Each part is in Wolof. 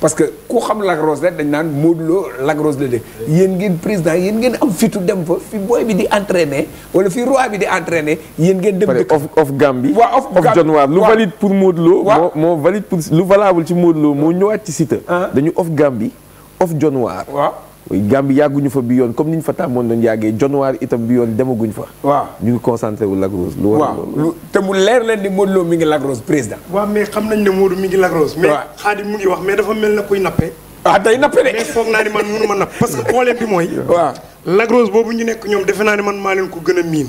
parce que ku xam Lac Rose rek dañ naan Modou Lo Lac Rose la dëkk yéen ngeen président yéen ngeen am fitu dem fa fi booy bi di entraîner wala fi roi bi di entraîner yéen ngeen dem dëkk of of Gambie waaw of of John Waar lu pour Modou Lo moo moo valide pour lu valable ci Modou Lo moo ñëwaat ci Siteu ah. dañu of Gambie of John Waar Gambie yàgguñu fa bi yoon comme ni ñu fa tàmmoon doon yàggee januar itam bi yoon demaguñ fa. waaw ñu ngi concentré wu Lac Rose. lu te mu leer leen ni Modou Lo mi ngi Lac Rose président. waaw mais xam nañ ne Modou mi ngi Lac Rose. mais Xaadim mu ngi wax mais dafa mel na kuy nappe. ah day nappe de. mais foog naa ni man mënu ma napp parce que problème bi mooy. waaw Lac Rose boobu ñu nekk ñoom defe naa ne man maa leen ko gën a miin.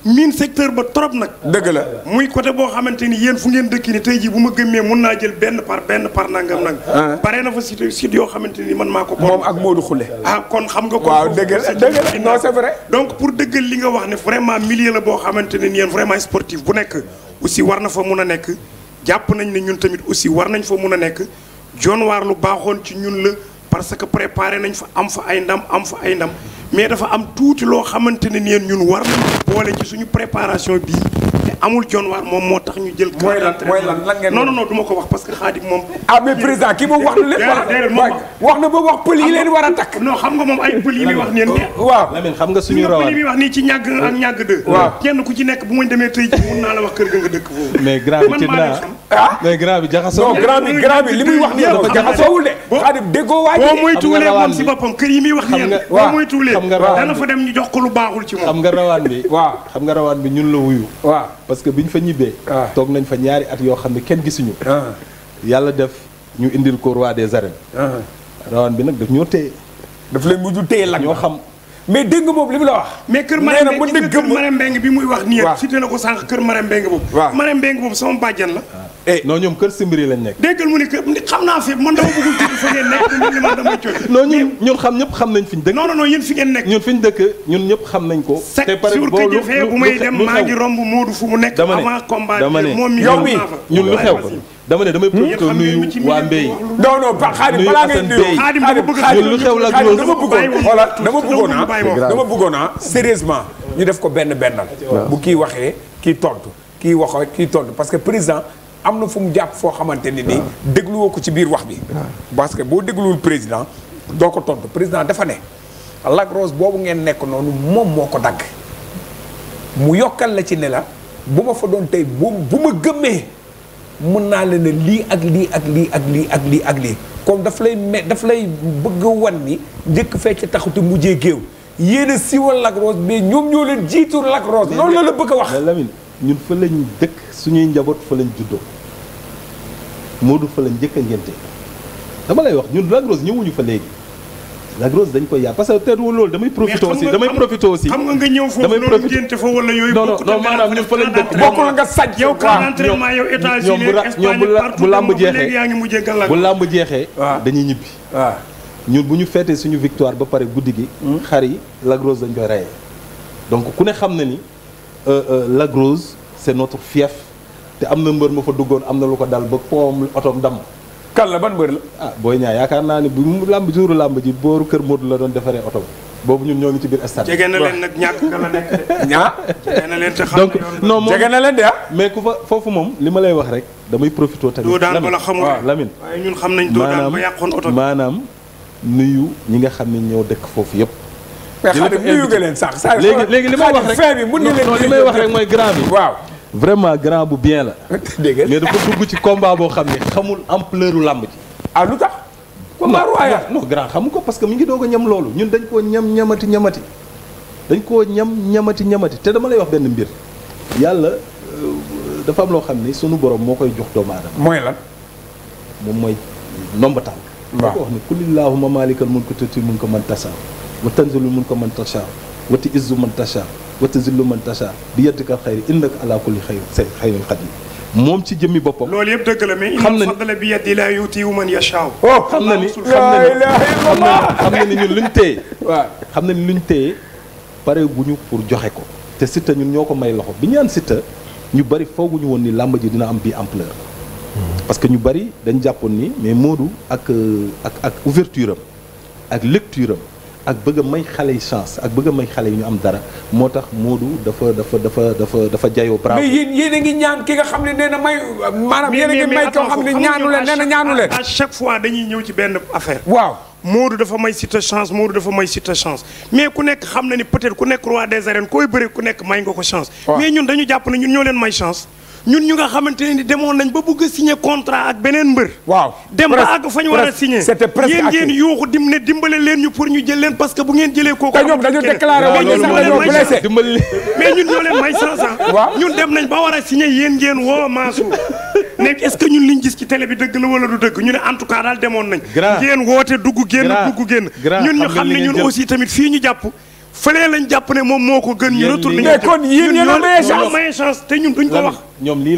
miin secteur ba trop nag. dëgg la muy côté boo xamante ni yéen fu ngeen dëkk ni tey jii bu ma gëmmee mun naa jël benn par benn par nangam nag. bare ah. na fa site yoo xamante ni man maa ko. moom ak Modou Khoule. ah kon xam nga. waaw dëgg la dëgg la non c'est vrai. donc pour dëggal li nga wax ne vraiment milieu la boo xamante ne yéen vraiment sportif bu nekk aussi war na fa mun a nekk jàpp nañ ne ñun tamit aussi war nañ fa mun a nekk jonwaar lu baaxoon ci ñun la. parce que préparé nañ fa am fa ay ndam am fa ay ndam mais dafa am tuuti loo xamante ne neen ñun war boole ci suñu préparation bii te amul jon waar moom moo tax ñu jël. mooy lan mooy lan lan ngeen non non wax parce que xaadim moom. ah wax na leen. war a takk. non xam nga moom ay pël yi muy wax waaw Lamine nga suñu rawaan wax nii ci ñàgg ak ñàgg dë. kenn ku ci nekk bu ma demee tey ji mun naa la wax kër ga nga dëkk foofu. mais grave ci naa ah mais grand bi jaxasoo. grand bi li muy wax nii dafa jaxasoowul de. xaadim déggoo waa ji boo muy tuulee yi muy wax. xam nga waaw boo muy tuulee dana fa dem ñu ko lu baaxul ci moom. xam nga rawaan bi xam nga rawaan bi ñun la wuyu. waaw parce que bi ñu fa ñibbee. Ah. toog nañ fa ñaari at yoo xam ne kenn gisuñu. Ah. yàlla def ñu indil ko roi des arènes. Ah. rawaan bi nag daf ñoo téye. daf leen mujj téye lak ñoo xam. mais dégg nga moom li mu la wax. mais kër Marème Mbengue bi muy wax nii. waaw cité na ko sànq kër Marème Mbengue boobu. waaw Marème Mbengue boobu sama bàjjan la Eh. non ñoom kër simbiri lañ nekk. déggal mu ni kër xam naa fi man dama bëggul tudd fa ñun xam ñëpp xam nañ fi ñu dëkk. non non non yéen fi ngeen nekk. ñun fi ñu dëkk ñun ñëpp xam nañ ko. te pare boo lu lu bu may mu nekk. avant combat bi moom mi yow mi ñun lu xew dama ne waa la ak loolu dama bëggoon xoolal dama bëggoon ah dama bëggoon ah sérieusement ñu def ko benn bennal bu kii waxee kii tontu kii waxee kii tontu parce que président am na fu mu jàpp foo xamante ni nii ah. dégluwoo ko ci biir wax bi ah. parce que boo dégluwul président doo ko tontu président dafa ne lagros boobu ngeen nekk noonu moom moo ko dagg mu yokkal la ci ne la bu ma fa doon tey bu ma gëmmee mën naa la ne lii ak lii ak lii ak lii ak lii ak lii comme daf lay me daf lay bëgg wan ni njëkk fecc taxuti mujjee géew yéen a siiwal Lac Rose mais ñoom ñoo leen jiitu Lac Rose loolu la la bëgg a wax ñun fa lañ dëkk suñuy njaboot fa lañ juddoo Modou fa lañ jëkk a ngénte dama lay wax ñun Lac Rose ñëwuñu fa léegi Lac Rose dañ koy yàq parce que teewul loolu damay profité aussi damay profité aussi xam nga ñëw foofu loolu ngénte fa wala yooyu non non maanaam ñun fa lañ dëkk bokkul nga saj yow camp d'entraînement yow États-Unis bu jeexee bu dañuy ñibbi ñun bu ñu feetee suñu victoire ba pare guddi gi hmm? xar yi Lac Rose dañ koy rayee donc ku ne xam na ni Euh, euh, Lac Rose c'est notre fief te am na mbër ma fa duggoon am na lu ko dal ba poom otoom damm. kan la ban mbër la. ah Boy Niang yaakaar naa ne bu mu làmb juru làmb ji booru Kër Modou la doon defaree otoom boobu ñun ñoo ngi ci biir stade. jege na leen nag ñàkk nga la nekk na leen donc non moom jege ah? mais ku fa foofu moom li ma lay wax rek damay profité tamit. doo daan bala xamul waaw waaye ñun xam nañ doo yàqoon oto bi maanaam nuyu ñi nga xam ne ñoo dëkk foofu yëpp. léegi léegi li may wax rek li may wax rek mooy grand bi waaw vraiment grand bu bien la mais dafa dugg ci kombaa boo xam ne xamul ampleur u làmb ji ah lu tax combat royal non grand xamu ko parce que mi ngi doo ko ñam loolu ñun dañ koo ñam ñamati ñamati dañ koo ñam ñamati ñamati te dama lay wax benn mbir yàlla euh, dafa am loo xam ni sunu borom moo koy jox doomu aadama mooy lan moom mooy nomba tànk moo ko wax ne kulillahuma maalikal mulki tuuti mun ko man tasaaw wa tanzilu mun ko man tasha wa ti man tasha wa ti zillu man tasha bi yeddikal xayri innaka ala kulli xayri say xayrin xadim moom ci jëmmi boppam. loolu yëpp dëgg la mais. xam na bi yadi laa yuuti man yashaa. oh xam na ni xam na ni ñun luñ téye. waaw xam na ni luñ téye pare pour joxe ko. te Siteu ñun ñoo ko may loxo bi ñu naan ñu bari fooguñu ni làmb ji dina am bii ampleur. parce que ñu bari dañ jàppoon ni mais Modou ak euh, ak ak ouverture ak lecture ak bëgg may xale yi chance ak bëgg a xale yi ñu am dara moo tax Modou dafa dafa dafa dafa dafa jayoo. bravo mais yéen a ngi ñaan ki nga xam ne nee na may. maanaam yéen a ngi may koo xam ne ñaanu leen nee chaque fois dañuy ñëw ci benn affaire. waaw moo Modou dafa may Siteu chance Modou dafa may Siteu chance mais ku nekk xam na ni peut ku nekk roi des arènes koy bëri ku nekk may nga ko chance. mais ñun dañu jàpp na ñun ñoo leen may chance. ñun ñu nga xamante ne demoon nañ ba bugg a signé contrat ak beneen mbër. waaw dem ba àgg fa ñu war a signé. c'était presque yuuxu dim ne dimbale leen ñu pour ñu jël leen parce que bu ngeen jëlee kooku. te ñoom dañu déclaré ñu ñun ñoo leen may sans sans. ñun dem nañ ba war a signé yéen ngeen woo Mansour. ne est-ce ñun liñ gis ci télé bi dëgg la wala du dëgg ñu ne en tout cas daal demoon nañ. grand ngeen woote dugg génn dugg génn. ñun ñu xam ne ñun aussi tamit fii ñu jàpp fële lañ jàpp ne moom moo ko gën. ñu retourné ñu mais kon yéen yéen a chance te ñun duñ ko wax. ñoom